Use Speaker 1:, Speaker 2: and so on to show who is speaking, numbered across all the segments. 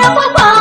Speaker 1: 让我忘。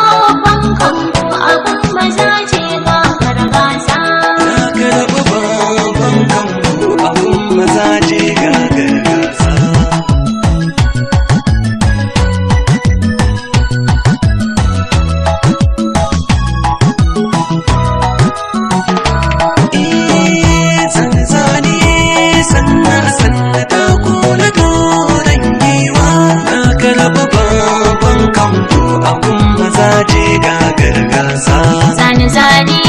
Speaker 1: zane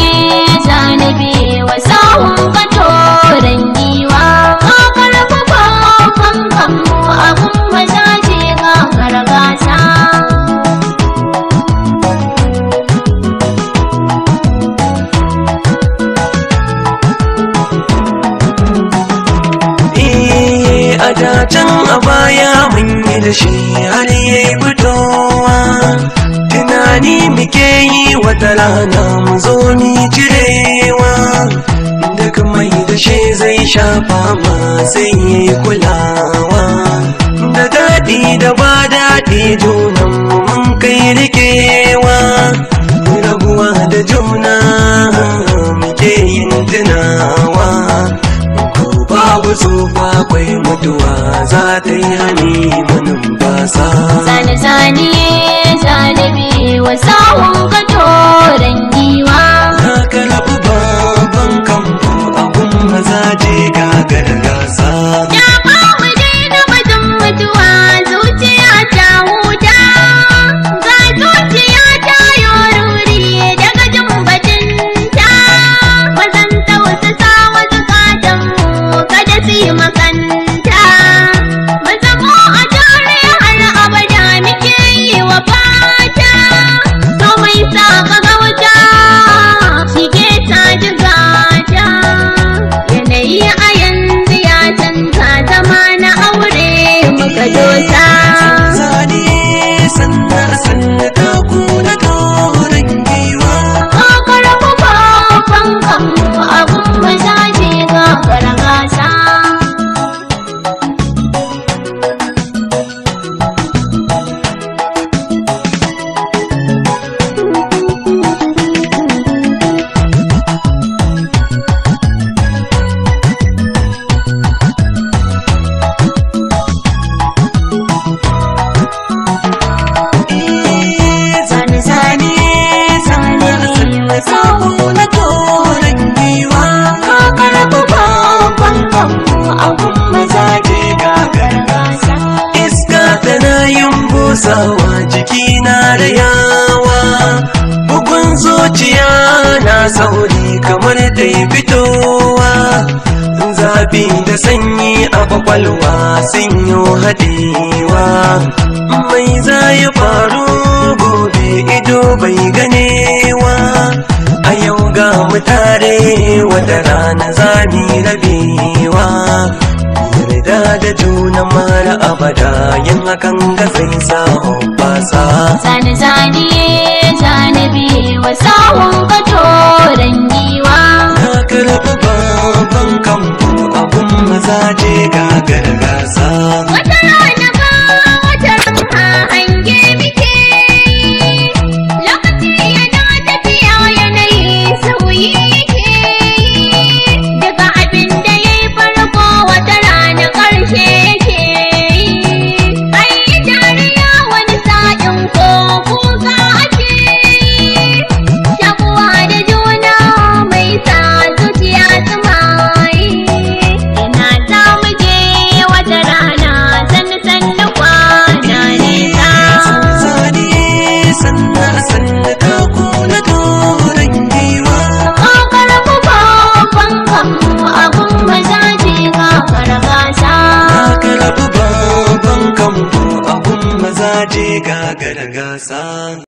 Speaker 1: zane bewa sawun kato ran giwa ka karfafa kankan mu abun maza ce ka kargasa eh, a datan a baya mun yi da shi har yayi muke yi wata rana mu zo ni cirewa da mai da shi zai shafa ma sai yi kulawa da daɗi da ba daɗi junan mu mun kai rikewa akwai mutuwa za ta yi hani munin basa zane zane zalibi wa sawun gato sawa jiki na da yawa bugun zuciya na sauri kamar da fitowa zafi da sanyi a kwakwalwa sun yi hadewa mai za ya faru gobe ido bai ganewa a yau ga mutare tare wata rana za rabewa yarda da juna mara abada yin hakan ga zai sa hoppasa zane zane gonna go song.